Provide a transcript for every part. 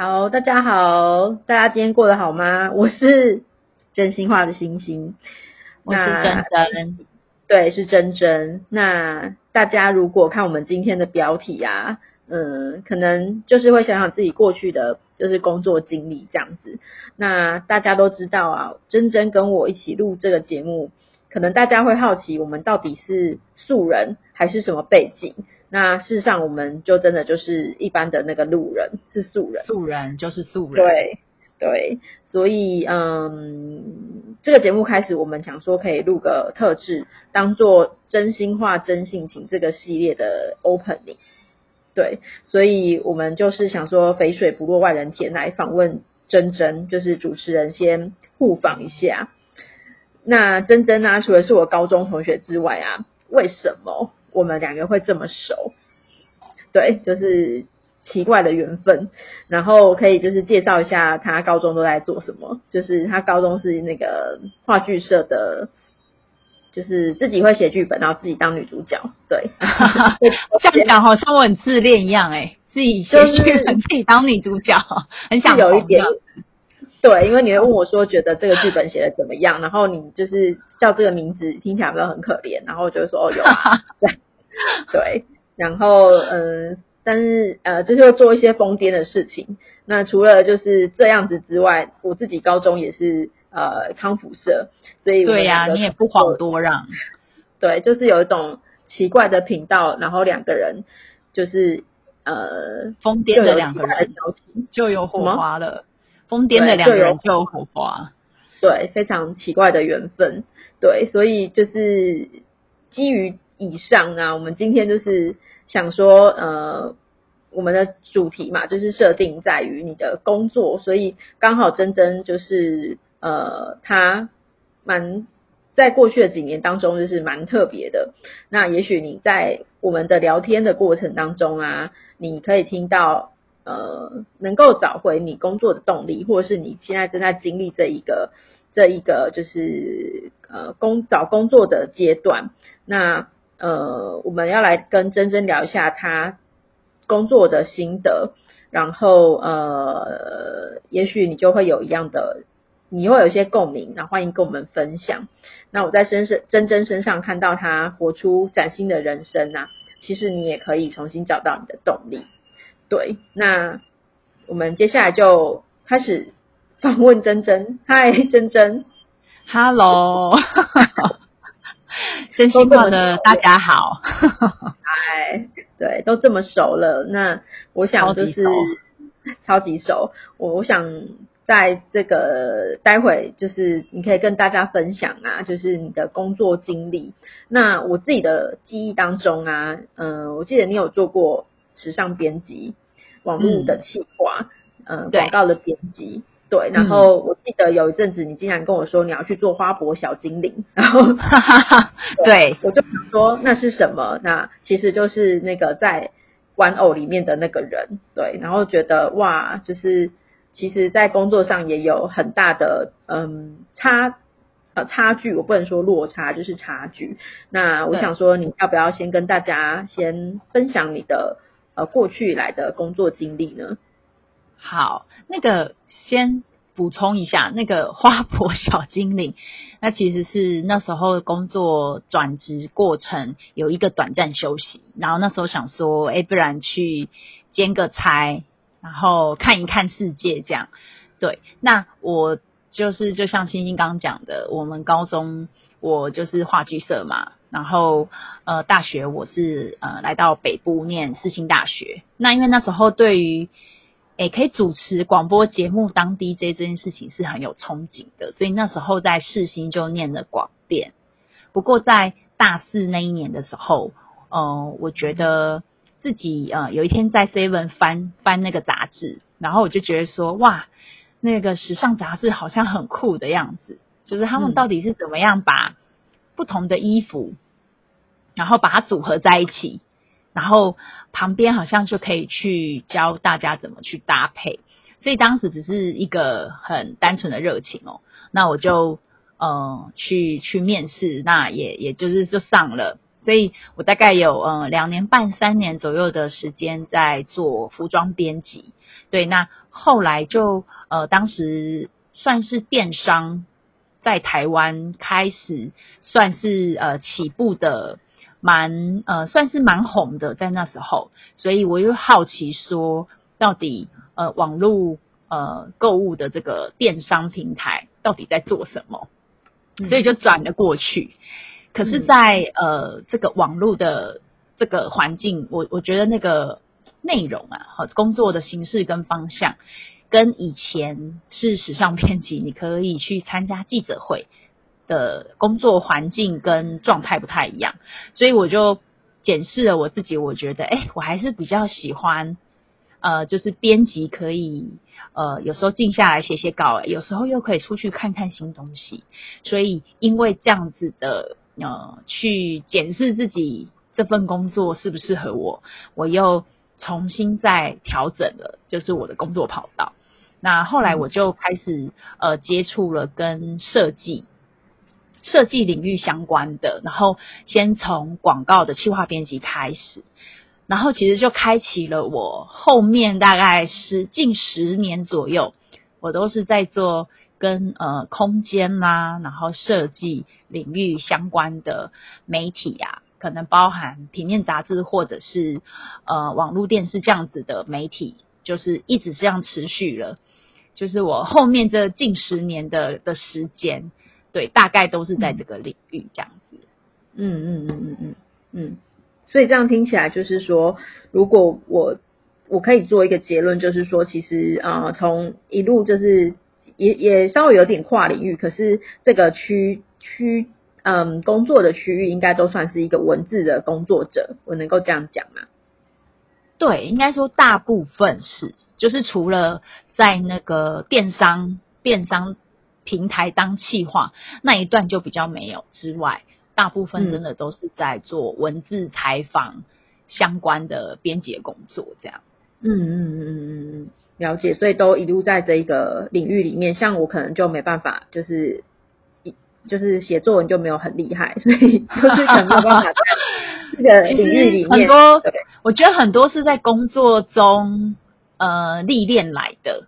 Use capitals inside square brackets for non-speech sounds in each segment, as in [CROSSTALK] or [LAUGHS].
好，大家好，大家今天過得好嗎？我是真心話的星星， [LAUGHS] 我是真真，對，是真真。那大家如果看我們今天的標題啊。嗯，可能就是會想想自己過去的就是工作經歷這樣子。那大家都知道啊，真真跟我一起錄這個節目，可能大家會好奇我們到底是素人還是什麼背景。那事實上，我們就真的就是一般的那個路人，是素人。素人就是素人。對對，所以嗯，這個節目開始，我們想說可以錄個特質，當做真心話真性情這個系列的 opening。對，所以我們就是想說肥水不落外人田，來訪問真真，就是主持人先互訪一下。那真真呢，除了是我高中同學之外啊，為什麼我們兩個會這麼熟？對，就是奇怪的緣分。然後可以就是介紹一下她高中都在做什麼，就是她高中是那個話劇社的。就是自己會寫劇本，然後自己當女主角。對，這樣講好像我很自戀一樣。哎，自己寫劇本，就是，自己當女主角，很想有一點。對，因為你會問我說，覺得這個劇本寫的怎麼樣？ [LAUGHS] 然後你就是叫這個名字，聽起來會很可憐。然後我就會說，哦，有、啊。對， [LAUGHS] 對，然後嗯，但是呃，就是會做一些瘋癲的事情。那除了就是這樣子之外，我自己高中也是。呃，康復社，所以對呀、啊那個，你也不遑多讓。 [LAUGHS] 對，就是有一種奇怪的頻道，然後兩個人就是呃，瘋癲的兩個人，就有火花了。嗯、瘋癲的兩,兩個人就有火花，對，非常奇怪的緣分。對，所以就是基於以上啊，我們今天就是想說，呃，我們的主題嘛，就是設定在於你的工作，所以剛好真真就是。呃，他蠻在過去的幾年當中，就是蠻特別的。那也許你在我們的聊天的過程當中啊，你可以聽到呃，能夠找回你工作的動力，或者是你現在正在經歷這一個這一個就是呃工，找工作的階段。那呃，我們要來跟真真聊一下她工作的心得，然後呃，也許你就會有一樣的。你會有一些共鳴，那歡迎跟我們分享。那我在真真身上看到她活出嶄新的人生啊，其實你也可以重新找到你的動力。對，那我們接下來就開始訪問真真。嗨，真真，Hello，真馨話，的大家好。嗨， [LAUGHS] 對，都這麼熟了，那我想就是超級，超級熟。我我想。在這個待會就是你可以跟大家分享啊，就是你的工作經歷。那我自己的記憶當中啊，嗯、呃，我記得你有做過時尚編輯、網絡的企劃，嗯、呃、廣告的編輯，對。然後我記得有一陣子你竟然跟我說你要去做花博小精靈，然後 [LAUGHS] 對，對我就想說，那是什麼？那其實就是那個在玩偶裡面的那個人，對。然後覺得哇，就是。其實，在工作上也有很大的嗯差、呃差距，我不能說落差，就是差距。那我想說，你要不要先跟大家先分享你的呃過去以來的工作經歷呢？好，那個先補充一下，那個花婆小精靈，那其實是那時候工作轉職過程有一個短暫休息，然後那時候想說，哎、欸，不然去兼個差。然後看一看世界，這樣對。那我就是就像星星剛剛講的，我們高中我就是話劇社嘛，然後呃大學我是呃來到北部念世新大學。那因為那時候對於誒可以主持廣播節目當 DJ 這件事情是很有憧憬的，所以那時候在世新就念了廣電。不過在大四那一年的時候，嗯、呃，我覺得。自己呃有一天在 Seven 翻翻那個雜誌，然後我就覺得說哇，那個時尚雜誌好像很酷的樣子，就是他們到底是怎麼樣把不同的衣服，然後把它組合在一起，然後旁邊好像就可以去教大家怎麼去搭配，所以當時只是一個很單純的熱情哦，那我就呃去去面試，那也也就是就上了。所以我大概有呃兩年半三年左右的時間在做服裝編輯，對，那後來就呃當時算是電商在台灣開始算是呃起步的蠻呃算是蠻紅的，在那時候，所以我又好奇說到底呃網絡呃購物的這個電商平台到底在做什麼？所以就轉了過去。嗯嗯可是在，在、嗯、呃這個網絡的這個環境，我我覺得那個內容啊，工作的形式跟方向，跟以前是時尚編輯，你可以去參加記者會的工作環境跟狀態不太一樣，所以我就檢視了我自己，我覺得，哎、欸，我還是比較喜歡，呃，就是編輯可以，呃，有時候靜下來寫寫稿、欸，有時候又可以出去看看新東西，所以因為這樣子的。呃，去檢視自己這份工作適不適合我，我又重新再調整了，就是我的工作跑道。那後來我就開始呃，接觸了跟設計、設計領域相關的，然後先從廣告的企劃編輯開始，然後其實就開啟了我後面大概是近十年左右，我都是在做。跟呃空間吶、啊，然後設計領域相關的媒體呀、啊，可能包含平面雜誌或者是呃網絡電視這樣子的媒體，就是一直這樣持續了。就是我後面這近十年的的時間，對，大概都是在這個領域這樣子。嗯嗯嗯嗯嗯嗯。所以這樣聽起來，就是說，如果我我可以做一個結論，就是說，其實呃，從一路就是。也也稍微有點跨領域，可是這個區區嗯工作的區域應該都算是一個文字的工作者，我能夠這樣講嗎？對，應該說大部分是，就是除了在那個電商、嗯、電商平台當企劃那一段就比較沒有之外，大部分真的都是在做文字採訪相關的編輯工作，這樣。嗯嗯嗯嗯嗯。了解，所以都一路在這一個領域裡面。像我可能就沒辦法，就是，就是一就是寫作文就沒有很厲害，所以就是很多方法，這個領域裡面 [LAUGHS] 其實很多，我覺得很多是在工作中呃歷練來的。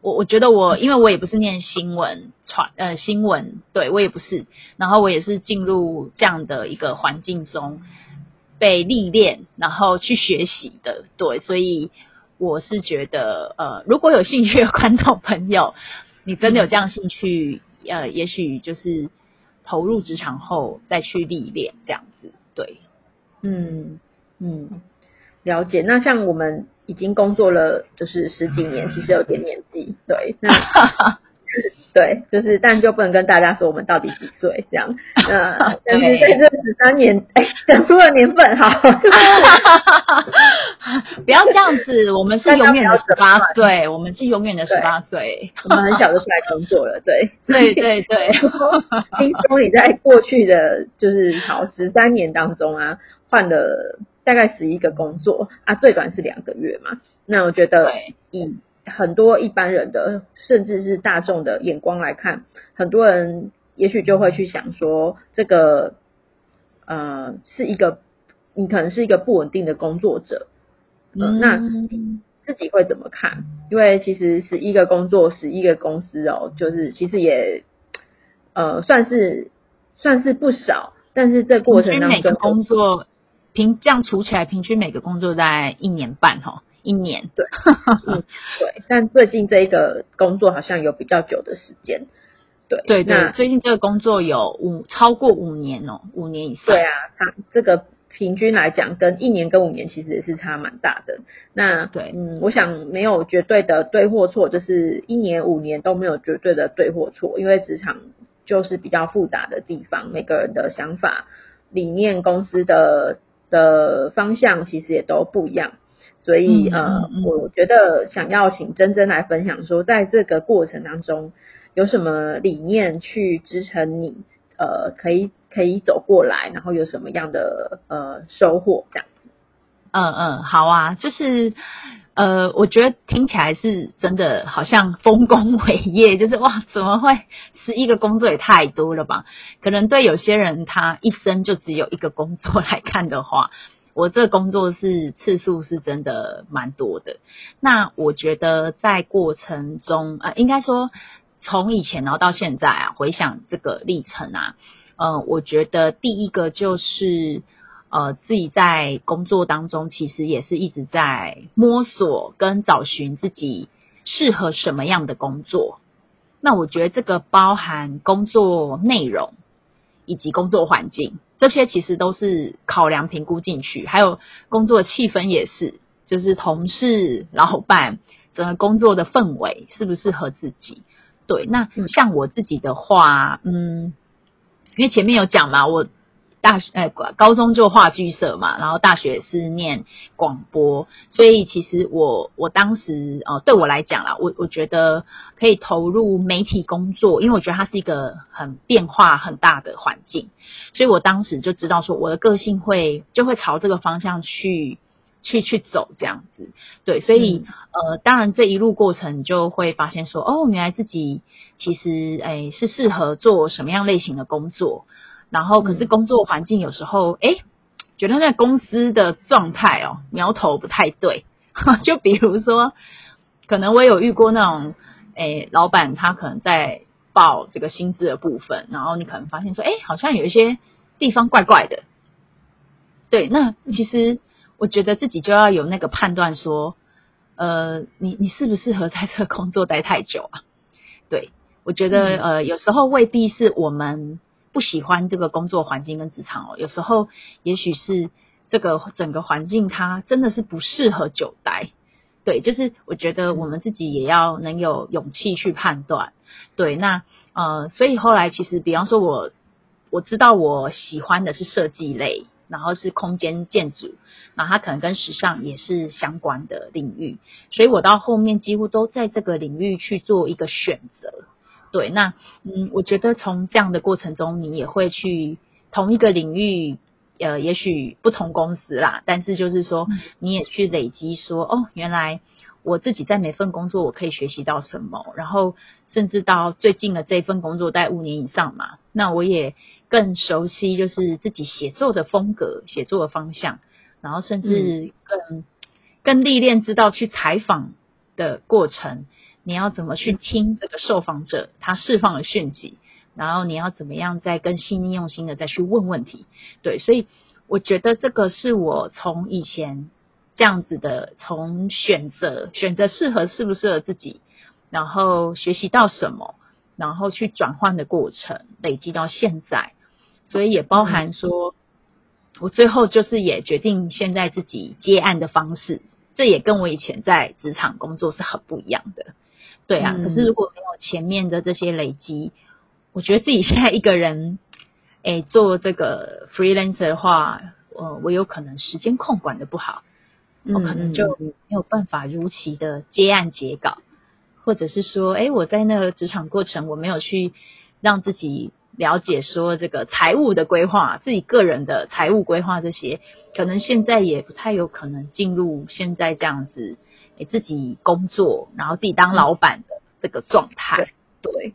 我我覺得我，因為我也不是念新聞傳呃新聞，對我也不是。然後我也是進入這樣的一個環境中被歷練，然後去學習的。對，所以。我是覺得，呃，如果有興趣的觀眾朋友，你真的有這樣興趣，嗯、呃，也許就是投入職場後再去歷練這樣子，對，嗯嗯，了解。那像我們已經工作了，就是十幾年，嗯、其實有點年紀，對，那。 [LAUGHS] [LAUGHS] 對，就是，但就不能跟大家說我們到底幾歲這樣。呃，但是在這十三年，哎，講出了年份，好， [LAUGHS] [LAUGHS] 不要這樣子，我們是永遠的十八歲，我們是永遠的十八歲，我們很小就出來工作了， [LAUGHS] 對，對對對。對 [LAUGHS] 聽說你在過去的就是好十三年當中啊，換了大概十一個工作啊，最短是兩個月嘛。那我覺得，嗯。很多一般人的，甚至是大眾的眼光來看，很多人也許就會去想說，這個，呃，是一個你可能是一個不穩定的工作者，嗯、呃，那自己會怎麼看？因為其實十一個工作，十一個公司哦，就是其實也，呃，算是算是不少，但是這過程當中每個工作平這樣除起來，平均每個工作在一年半、哦，哈。一年， [LAUGHS] 對，嗯，對，但最近這一個工作好像有比較久的時間，對，對對，那最近這個工作有五，超過五年哦，五年以上，對啊，它這個平均來講，跟一年跟五年其實也是差蠻大的。那對，嗯，我想沒有絕對的對或錯，就是一年五年都沒有絕對的對或錯，因為職場就是比較複雜的地方，每個人的想法、理念、公司的的方向其實也都不一樣。所以、嗯嗯、呃，我覺得想要請真真來分享說，說在這個過程當中有什麼理念去支撐你，呃，可以可以走過來，然後有什麼樣的呃收穫這樣子。嗯嗯，好啊，就是呃，我覺得聽起來是真的，好像豐功偉業，就是哇，怎麼會十一個工作也太多了吧？可能對有些人，他一生就只有一個工作來看的話。我這工作是次數是真的蠻多的，那我覺得在過程中，呃，應該說從以前然後到現在啊，回想這個歷程啊，呃，我覺得第一個就是，呃，自己在工作當中其實也是一直在摸索跟找尋自己適合什麼樣的工作。那我覺得這個包含工作內容。以及工作環境，這些其實都是考量評估進去，還有工作氣氛，也是，就是同事、老闆整個工作的氛圍適不適合自己。對，那像我自己的話，嗯，嗯，因為前面有講嘛，我大學呃，高中就話劇社嘛，然後大學是念廣播，所以其實我我當時哦、呃，對我來講啦，我我覺得可以投入媒體工作，因為我覺得它是一個很變化很大的環境，所以我當時就知道說我的個性會就會朝這個方向去去去走這樣子，對，所以、嗯、呃，當然這一路過程就會發現說，哦，原來自己其實誒、呃、是適合做什麼樣類型的工作。然後，可是工作環境有時候，嗯、誒覺得那公司的狀態哦，苗頭不太對。 [LAUGHS] 就比如說，可能我有遇過那種，誒老闆他可能在報這個薪資的部分，然後你可能發現說，誒好像有一些地方怪怪的。對，那其實我覺得自己就要有那個判斷說，呃，你你適不適合在這個工作待太久啊？對我覺得、嗯，呃，有時候未必是我們。不喜歡這個工作環境跟職場哦，有時候也許是這個整個環境它真的是不適合久待，對，就是我覺得我們自己也要能有勇氣去判斷，對，那呃，所以後來其實比方說我我知道我喜歡的是設計類，然後是空間建築，那它可能跟時尚也是相關的領域，所以我到後面幾乎都在這個領域去做一個選擇。對，那嗯，我覺得從這樣的過程中，你也會去同一個領域，呃，也許不同公司啦，但是就是說，你也去累積說、嗯，哦，原來我自己在每份工作我可以學習到什麼，然後甚至到最近的這份工作待五年以上嘛，那我也更熟悉就是自己寫作的風格、寫作的方向，然後甚至更、嗯、更歷練，知道去採訪的過程。你要怎麼去聽這個受訪者他釋放的訊息？嗯。然後你要怎麼樣再更細膩用心的再去問問題？對，所以我覺得這個是我從以前這樣子的從選擇選擇適合適不適合自己，然後學習到什麼，然後去轉換的過程累積到現在，所以也包含說，嗯。我最後就是也決定現在自己接案的方式，這也跟我以前在職場工作是很不一樣的。對啊，可是如果沒有前面的這些累積，嗯、我覺得自己現在一個人，哎、欸，做這個 freelancer 的話，呃，我有可能時間控管的不好，我可能就沒有辦法如期的接案結稿、嗯，或者是說，哎、欸，我在那個職場過程，我沒有去讓自己了解說這個財務的規劃，自己個人的財務規劃這些，可能現在也不太有可能進入現在這樣子。自己工作，然後自己當老闆的這個狀態，嗯、對對，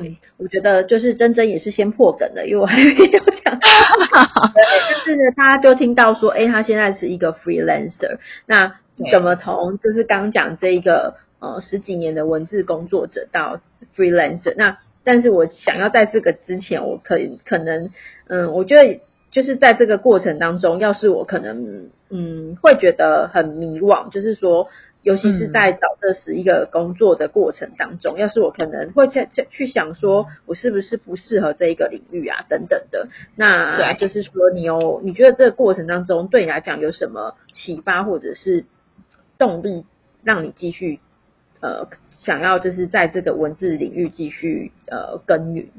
對，我覺得就是真真也是先破梗的，因為我還沒有講， [LAUGHS] [LAUGHS] 就是呢，他就聽到說，哎、欸，他現在是一個 freelancer，那怎麼從就是剛講這一個、okay. 呃十幾年的文字工作者到 freelancer，那但是我想要在這個之前，我可可能嗯，我覺得。就是在這個過程當中，要是我可能嗯會覺得很迷惘，就是說，尤其是在找這十一個工作的過程當中，嗯、要是我可能會去去去想說，我是不是不適合這一個領域啊等等的，那、yeah. 就是說你有，你覺得這個過程當中對你來講有什麼啟發或者是動力，讓你繼續呃想要就是在這個文字領域繼續呃耕耘？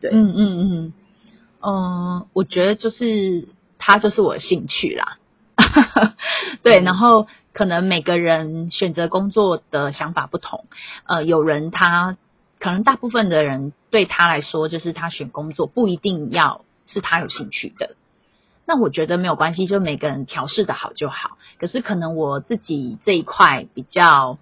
對，嗯嗯嗯。嗯嗯，我覺得就是他就是我的興趣啦， [LAUGHS] 對。然後可能每個人選擇工作的想法不同，呃，有人他可能大部分的人對他來說就是他選工作不一定要是他有興趣的。那我覺得沒有關係，就每個人調試的好就好。可是可能我自己這一塊比較，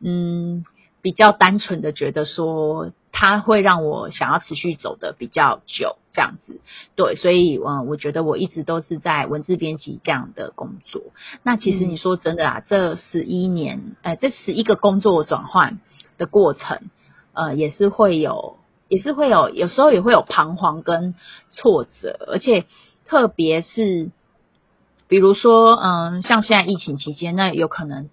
嗯，比較單純的覺得說他會讓我想要持續走的比較久。這樣子，對，所以，嗯，我覺得我一直都是在文字編輯這樣的工作。那其實你說真的啊、嗯，這十一年，呃，這十一個工作轉換的過程，呃，也是會有，也是會有，有時候也會有彷徨跟挫折，而且特別是，比如說，嗯、呃，像現在疫情期間，那有可能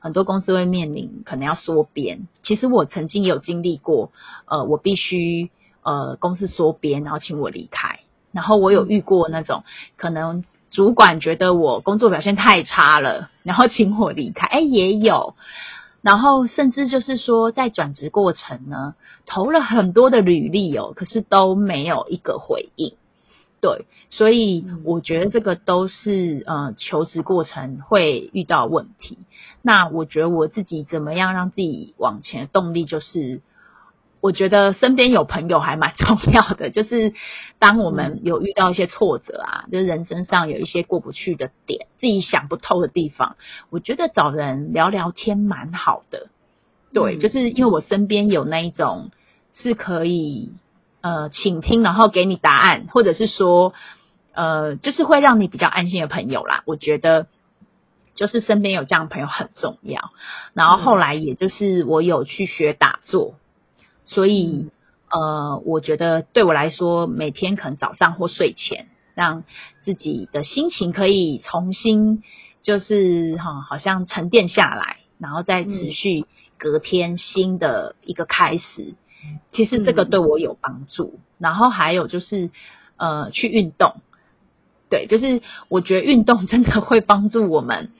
很多公司會面臨可能要縮編。其實我曾經也有經歷過，呃，我必須。呃，公司縮編，然後請我離開。然後我有遇過那種、嗯，可能主管覺得我工作表現太差了，然後請我離開。誒，也有。然後甚至就是說，在轉職過程呢，投了很多的履歷哦，可是都沒有一個回應。對，所以我覺得這個都是呃，求職過程會遇到問題。那我覺得我自己怎麼樣讓自己往前的動力就是。我覺得身邊有朋友還蠻重要的，就是當我們有遇到一些挫折啊，嗯、就是人生上有一些過不去的點、嗯、自己想不透的地方，我覺得找人聊聊天蠻好的。對，嗯、就是因為我身邊有那一種是可以呃傾聽，然後給你答案，或者是說呃就是會讓你比較安心的朋友啦。我覺得就是身邊有這樣的朋友很重要。然後後來也就是我有去學打坐。嗯。所以，嗯，呃，我覺得對我來說，每天可能早上或睡前，讓自己的心情可以重新，就是哈，哦，好像沉澱下來，然後再持續隔天新的一個開始。嗯，其實這個對我有幫助，嗯。然後還有就是，呃，去運動，對，就是我覺得運動真的會幫助我們。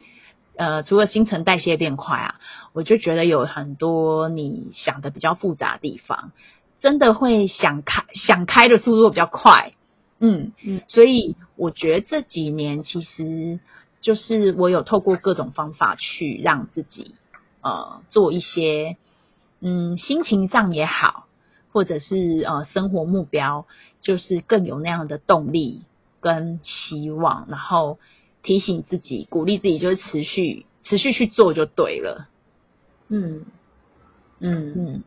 呃，除了新陳代謝變快啊，我就覺得有很多你想的比較複雜的地方，真的會想開，想開的速度比較快，嗯嗯，所以我覺得這幾年其實就是我有透過各種方法去讓自己呃做一些，嗯，心情上也好，或者是呃生活目標，就是更有那樣的動力跟希望，然後。提醒自己，鼓勵自己，就是持續持續去做就對了。嗯，嗯嗯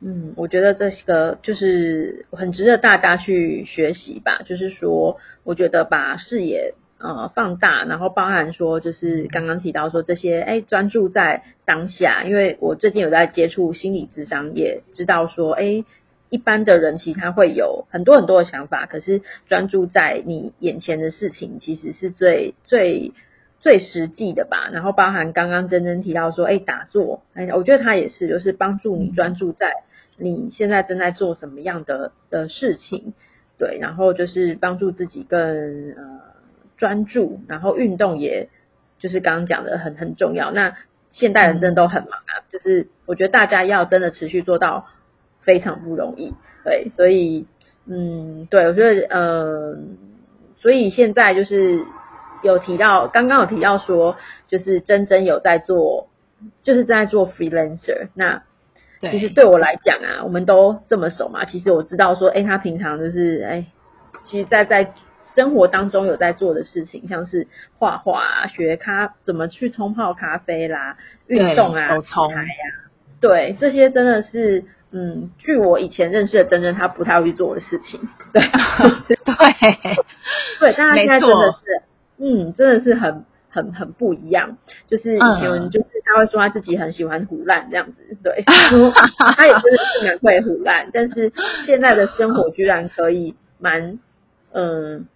嗯，我覺得這個就是很值得大家去學習吧。就是說，我覺得把視野呃放大，然後包含說，就是剛剛提到說這些，哎，專注在當下。因為我最近有在接觸心理諮商，也知道說，哎。一般的人其實他會有很多很多的想法，可是專注在你眼前的事情其實是最最最實際的吧。然後包含剛剛真真提到說，哎，打坐，哎，我覺得他也是，就是幫助你專注在你現在正在做什麼樣的的事情，對。然後就是幫助自己更呃專注，然後運動也就是剛剛講的很很重要。那現代人真的都很忙啊，就是我覺得大家要真的持續做到。非常不容易，對，所以，嗯，對，我覺得，嗯、呃，所以現在就是有提到，剛剛有提到說，就是真真有在做，就是在做 freelancer 那。那其實對我來講啊，我們都這麼熟嘛，其實我知道說，哎，他平常就是，哎，其實在在生活當中有在做的事情，像是畫畫啊，學咖怎麼去沖泡咖啡啦，運動啊，手沖呀，對，這些真的是。嗯，據我以前認識的真真，他不太會去做的事情，對 [LAUGHS] 對對， [LAUGHS] 對，但他現在真的是，嗯，真的是很很很不一樣。就是以前就是他會說他自己很喜歡胡亂這樣子，對， [LAUGHS] [LAUGHS] 他也真的是蠻會胡亂，但是現在的生活居然可以蠻嗯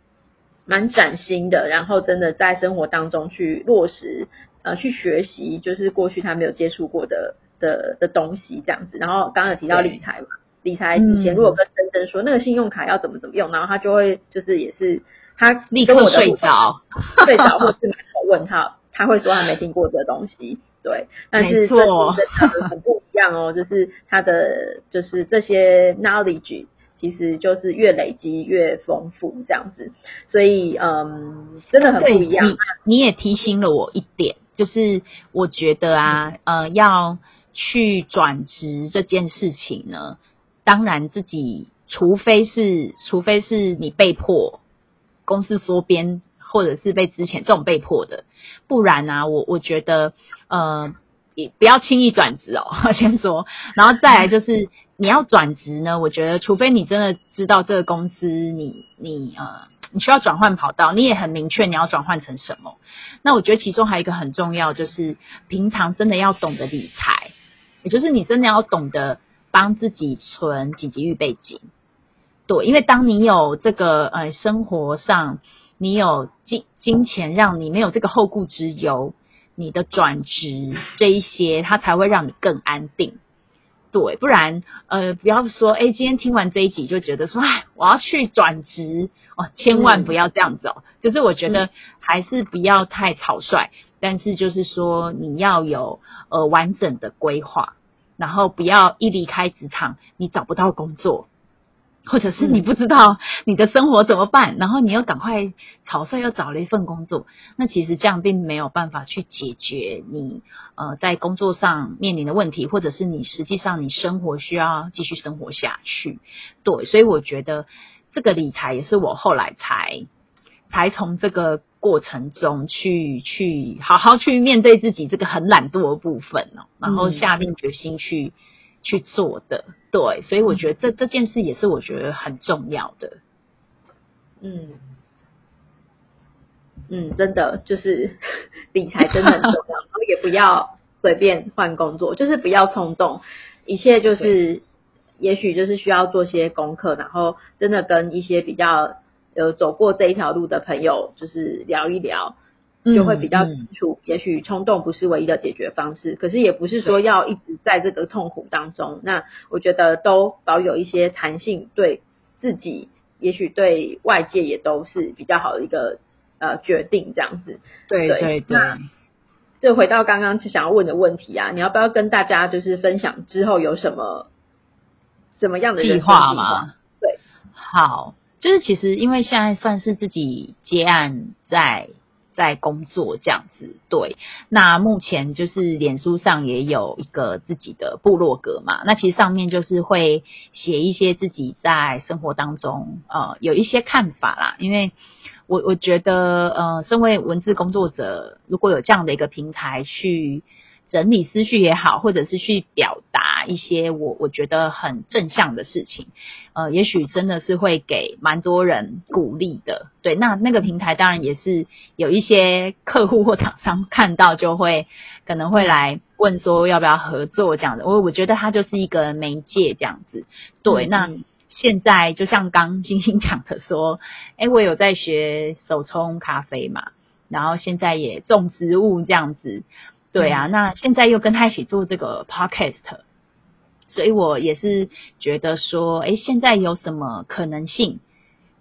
蠻嶄新的，然後真的在生活當中去落實，呃，去學習，就是過去他沒有接觸過的。的的東西這樣子，然後剛剛有提到理財嘛，理財之前如果跟真真說那個信用卡要怎麼怎麼用，嗯、然後他就會就是也是他立刻睡着，睡着或是滿口問號， [LAUGHS] 他會說他沒聽過這個東西，對，但是真的很不一樣哦，就是他的就是這些 knowledge 其實就是越累積越豐富這樣子，所以嗯，真的很不一樣你。你也提醒了我一點，就是我覺得啊，嗯、呃要。去轉職這件事情呢，當然自己除非是，除非是你被迫，公司縮編，或者是被之前這種被迫的，不然啊，我我覺得，呃，也不要輕易轉職哦，先說，然後再來就是，嗯，你要轉職呢，我覺得除非你真的知道這個公司，你你呃，你需要轉換跑道，你也很明確你要轉換成什麼，那我覺得其中還有一個很重要，就是平常真的要懂得理財。也就是你真的要懂得幫自己存緊急預備金，對，因為當你有這個呃生活上，你有金金錢讓你沒有這個後顧之憂，你的轉職這一些，它才會讓你更安定。對，不然呃不要說，誒今天聽完這一集就覺得說，哎，我要去轉職哦，千萬不要這樣子哦，嗯，就是我覺得還是不要太草率。嗯嗯但是就是說，你要有呃完整的規劃，然後不要一離開職場，你找不到工作，或者是你不知道你的生活怎麼辦，然後你又趕快草率又找了一份工作，那其實這樣並沒有辦法去解決你呃在工作上面臨的問題，或者是你實際上你生活需要繼續生活下去。對，所以我覺得這個理財也是我後來才才從這個。過程中去去好好去面對自己這個很懶惰的部分、哦、然後下定決心去、嗯、去做的，對，所以我覺得這、嗯、這件事也是我覺得很重要的。嗯嗯，真的就是理財真的很重要， [LAUGHS] 然後也不要隨便換工作，就是不要衝動，一切就是也許就是需要做些功課，然後真的跟一些比較。有走過這一條路的朋友，就是聊一聊，嗯、就會比較清楚。嗯、也許衝動不是唯一的解決方式、嗯，可是也不是說要一直在這個痛苦當中。那我覺得都保有一些彈性，對自己，也許對外界也都是比較好的一個呃決定，這樣子。對對對，剛剛問問、啊、對，對。那就回到剛剛想要問的問題啊，你要不要跟大家就是分享之後有什麼什麼樣的計劃嗎？對，好。就是其實，因為現在算是自己接案在，在在工作這樣子。對，那目前就是臉書上也有一個自己的部落格嘛。那其實上面就是會寫一些自己在生活當中呃有一些看法啦。因為我我覺得呃，身為文字工作者，如果有這樣的一個平台去。整理思緒也好，或者是去表達一些我我覺得很正向的事情，呃，也許真的是會給蠻多人鼓勵的。對，那那個平台當然也是有一些客戶或廠商看到就會可能會來問說要不要合作這樣子。我我覺得它就是一個媒介這樣子。對，那現在就像剛星星講的說，誒，我有在學手沖咖啡嘛，然後現在也種植物這樣子。對啊，那現在又跟他一起做這個 podcast，所以我也是覺得說，誒，現在有什麼可能性，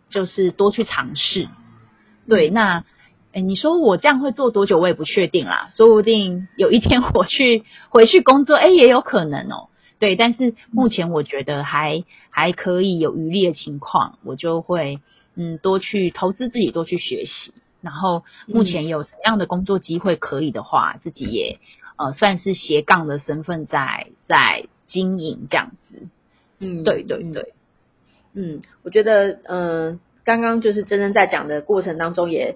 就是多去嘗試。對，那，誒，你說我這樣會做多久？我也不確定啦，說不定有一天我去回去工作，誒，也有可能哦。對，但是目前我覺得還、嗯、還可以有餘力的情況，我就會，嗯，多去投資自己，多去學習。然後目前有什麼樣的工作機會可以的話，嗯、自己也呃算是斜槓的身份在在經營這樣子。嗯，對對對，嗯，嗯，我覺得嗯、呃，剛剛就是真真在講的過程當中也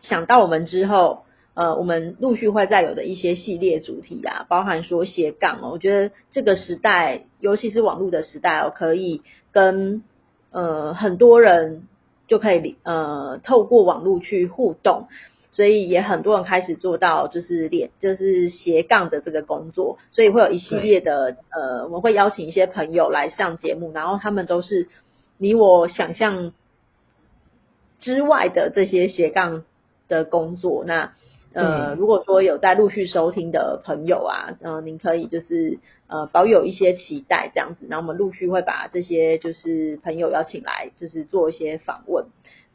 想到我們之後呃，我們陸續會再有的一些系列主題呀、啊，包含說斜槓哦，我覺得這個時代尤其是網絡的時代、哦，我可以跟呃很多人，就可以呃透過網絡去互動，所以也很多人開始做到就是臉，就是斜槓的這個工作，所以會有一系列的呃，我會邀請一些朋友來上節目，然後他們都是你我想象之外的這些斜槓的工作，那。呃，如果說有在陸續收聽的朋友啊，嗯、呃，您可以就是呃，保有一些期待這樣子，那我們陸續會把這些就是朋友邀請來，就是做一些訪問，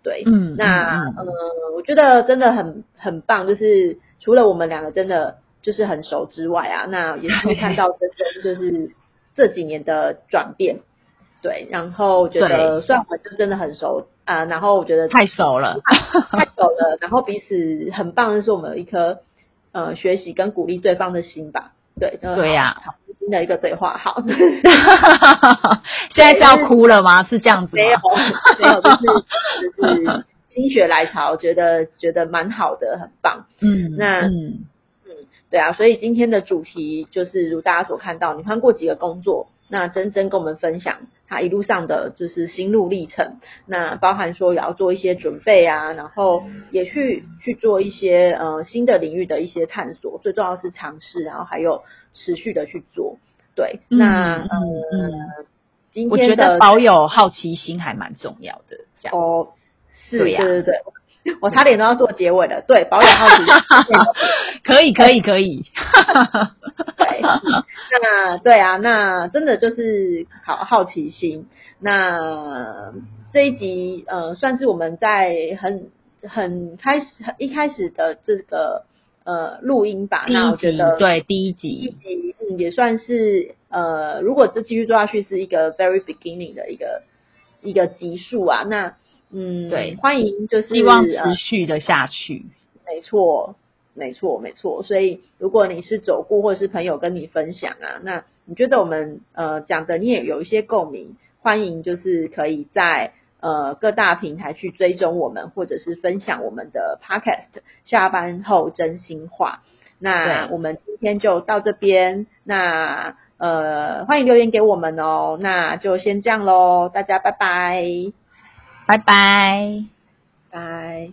對，嗯，那呃，我覺得真的很很棒，就是除了我們兩個真的就是很熟之外啊，那也會看到真真就是這幾年的轉變。 [LAUGHS] 對，然對、呃，然後我覺得雖然我們真的很熟啊，然後我覺得太熟了，太熟了， [LAUGHS] 然後彼此很棒，是我們有一顆呃學習跟鼓勵對方的心吧？對，好對呀、啊，新的一個對話，好， [LAUGHS] [LAUGHS] 現在是要哭了嗎？是這樣子，沒有，沒有，就是就是、就是、心血來潮，覺得覺得蠻好的，很棒。嗯，那嗯，嗯，對啊，所以今天的主題就是如大家所看到，你換過幾個工作？那真真跟我們分享她一路上的就是心路歷程，那包含說也要做一些準備啊，然後也去去做一些呃新的領域的一些探索，最重要是嘗試，然後還有持續的去做。對，嗯、那呃、嗯嗯今天的，我覺得保有好奇心還蠻重要的。哦，是呀。對啊對對對我差點都要做結尾了，對，保養好奇心， [LAUGHS] 可以可以可以。 [LAUGHS] 對那對啊，那真的就是好好奇心。那這一集，呃，算是我們在很很開始很一開始的這個呃錄音吧。那我覺得對，第一集，第一集，嗯，也算是呃，如果這繼續做下去，是一個 very beginning 的一個一個集數啊。那嗯，對，歡迎，就是希望持續的下去，呃。沒錯，沒錯，沒錯。所以如果你是走過，或者是朋友跟你分享啊，那你覺得我們呃講的你也有一些共鳴，歡迎就是可以在呃各大平台去追蹤我們，或者是分享我們的 Podcast。下班後真心話。那我們今天就到這邊，那呃歡迎留言給我們哦。那就先這樣嘍，大家拜拜。拜拜，拜。